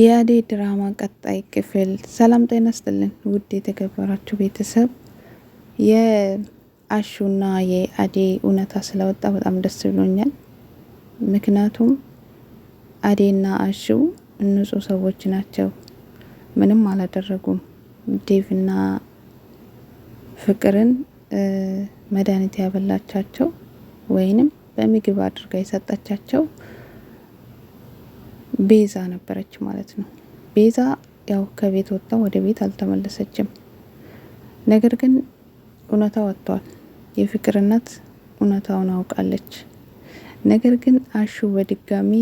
የአዴ ድራማ ቀጣይ ክፍል። ሰላም ጤና ይስጥልን ውድ የተከበራችሁ ቤተሰብ፣ የአሹና የአዴ እውነታ ስለወጣ በጣም ደስ ብሎኛል። ምክንያቱም አዴና አሹ ንጹህ ሰዎች ናቸው፣ ምንም አላደረጉም። ዴቭና ፍቅርን መድኃኒት ያበላቻቸው ወይንም በምግብ አድርጋ የሰጠቻቸው ቤዛ ነበረች ማለት ነው። ቤዛ ያው ከቤት ወጣ ወደ ቤት አልተመለሰችም። ነገር ግን እውነታ ወጥቷል። የፍቅር እናት እውነታውን አውቃለች። ነገር ግን አሹ በድጋሚ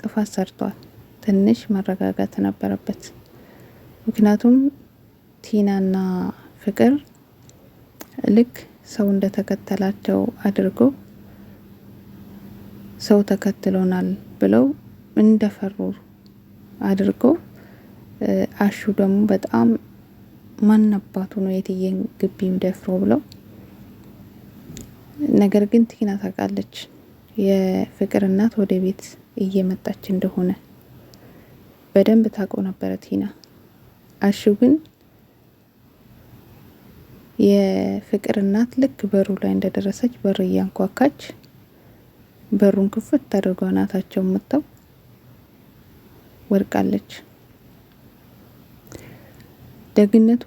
ጥፋት ሰርቷል። ትንሽ መረጋጋት ነበረበት። ምክንያቱም ቲናና ፍቅር ልክ ሰው እንደተከተላቸው አድርጎ ሰው ተከትሎናል ብለው እንደፈሩ አድርገው አሹ ደግሞ በጣም ማናባቱ ነው የትዬን ግቢ ደፍሮ ብለው ነገር ግን ቲና ታውቃለች የፍቅር እናት ወደ ቤት እየመጣች እንደሆነ በደንብ ታውቀው ነበረ ቲና። አሹ ግን የፍቅር እናት ልክ በሩ ላይ እንደደረሰች በር እያንኳካች በሩን ክፍት አድርገው እናታቸው መጥተው ወድቃለች። ደግነቱ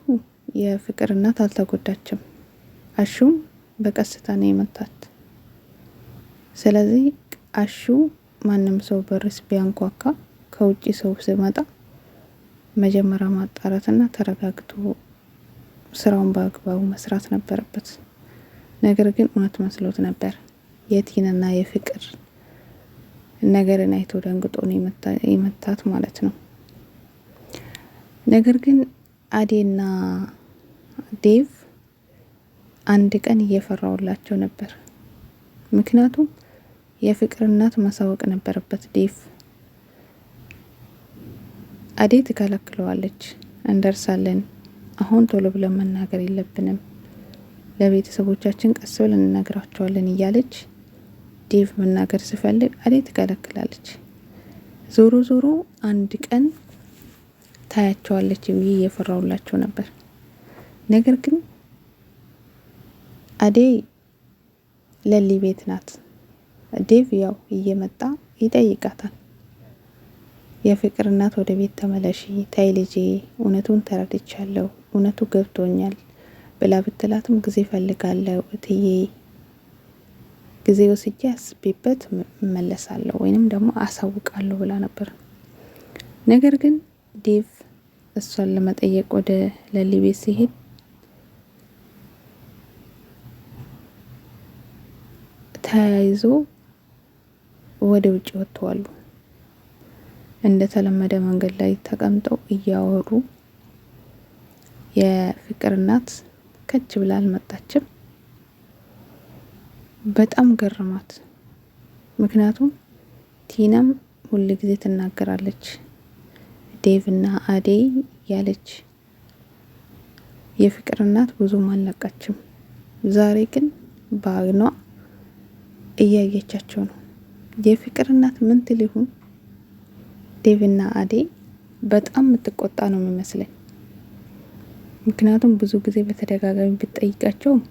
የፍቅር እናት አልተጎዳችም። አሹም በቀስታ ነው የመታት። ስለዚህ አሹ ማንም ሰው በርስ ቢያንኳካ ከውጭ ሰው ሲመጣ መጀመሪያ ማጣራትና ተረጋግቶ ስራውን በአግባቡ መስራት ነበረበት። ነገር ግን እውነት መስሎት ነበር የቲንና የፍቅር ነገርን አይቶ ደንግጦ ነው የመታት ማለት ነው። ነገር ግን አዴና ዴቭ አንድ ቀን እየፈራውላቸው ነበር። ምክንያቱም የፍቅር እናት ማሳወቅ ነበረበት ዴቭ። አዴ ትከለክለዋለች። እንደርሳለን፣ አሁን ቶሎ ብለን መናገር የለብንም፣ ለቤተሰቦቻችን ቀስ ብለን እንነግራቸዋለን እያለች ዴቭ መናገር ስፈልግ አዴ ትከለክላለች። ዞሮ ዞሮ አንድ ቀን ታያቸዋለች ብዬ እየፈራውላቸው ነበር። ነገር ግን አዴ ለሊ ቤት ናት። ዴቭ ያው እየመጣ ይጠይቃታል። የፍቅር እናት ወደ ቤት ተመለሺ፣ ታይ ልጄ እውነቱን ተረድቻለሁ፣ እውነቱ ገብቶኛል ብላ ብትላትም ጊዜ ፈልጋለሁ እትዬ ጊዜ ወስጄ አስቤበት መለሳለሁ ወይንም ደግሞ አሳውቃለሁ ብላ ነበር። ነገር ግን ዴቭ እሷን ለመጠየቅ ወደ ለሊ ቤት ሲሄድ ተያይዞ ወደ ውጭ ወጥተዋሉ። እንደተለመደ መንገድ ላይ ተቀምጠው እያወሩ የፍቅር እናት ከች ብላ አልመጣችም። በጣም ገርማት። ምክንያቱም ቲናም ሁል ጊዜ ትናገራለች ዴቭ እና አዴይ ያለች የፍቅር እናት ብዙም አልነቃችም። ዛሬ ግን በአግኗ እያየቻቸው ነው። የፍቅር እናት ምን ትል ይሆን? ዴቭና አዴ በጣም የምትቆጣ ነው የሚመስለኝ። ምክንያቱም ብዙ ጊዜ በተደጋጋሚ ብትጠይቃቸውም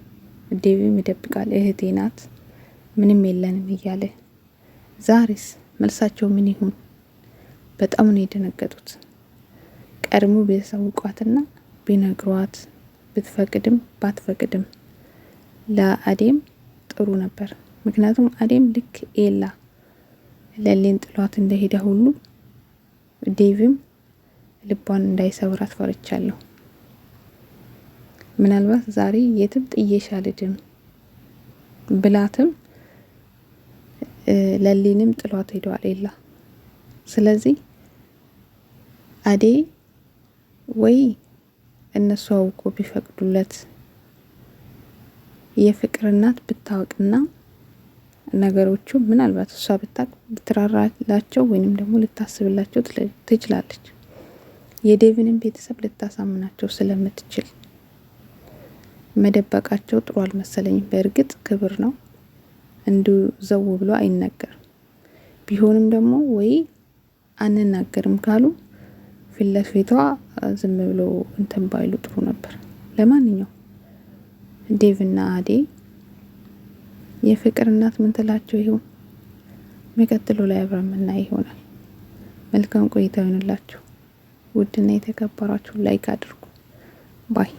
ዴቪም ይደብቃል። እህቴ ናት ምንም የለንም እያለ ዛሬስ መልሳቸው ምን ይሁን? በጣም ነው የደነገጡት። ቀድሞ ቢያሳውቋትና ቢነግሯት ብትፈቅድም ባትፈቅድም ለአዴም ጥሩ ነበር። ምክንያቱም አዴም ልክ ኤላ ለሌን ጥሏት እንደሄደ ሁሉ ዴቪም ልቧን እንዳይሰብራት ፈርቻለሁ። ምናልባት ዛሬ የትም ጥዬሽ አልድም ብላትም ለሊንም ጥሏት ሄደዋል የላ። ስለዚህ አዴ ወይ እነሱ አውቆ ቢፈቅዱለት የፍቅር እናት ብታወቅና ነገሮቹ ምናልባት እሷ ብታቅ ልትራራላቸው ወይንም ደግሞ ልታስብላቸው ትችላለች። የዴቪንም ቤተሰብ ልታሳምናቸው ስለምትችል መደበቃቸው ጥሩ አልመሰለኝም። በእርግጥ ክብር ነው፣ እንዱ ዘው ብሎ አይነገርም። ቢሆንም ደግሞ ወይ አንናገርም ካሉ ፊት ለፊቷ ዝም ብሎ እንትን ባይሉ ጥሩ ነበር። ለማንኛው ዴቭና አዴ የፍቅር እናት ምን ትላቸው ይሆን? የሚቀጥለው ላይ አብረን የምናይ ይሆናል። መልካም ቆይታ ይሆንላችሁ። ውድና የተከበራችሁ ላይክ አድርጉ ባይ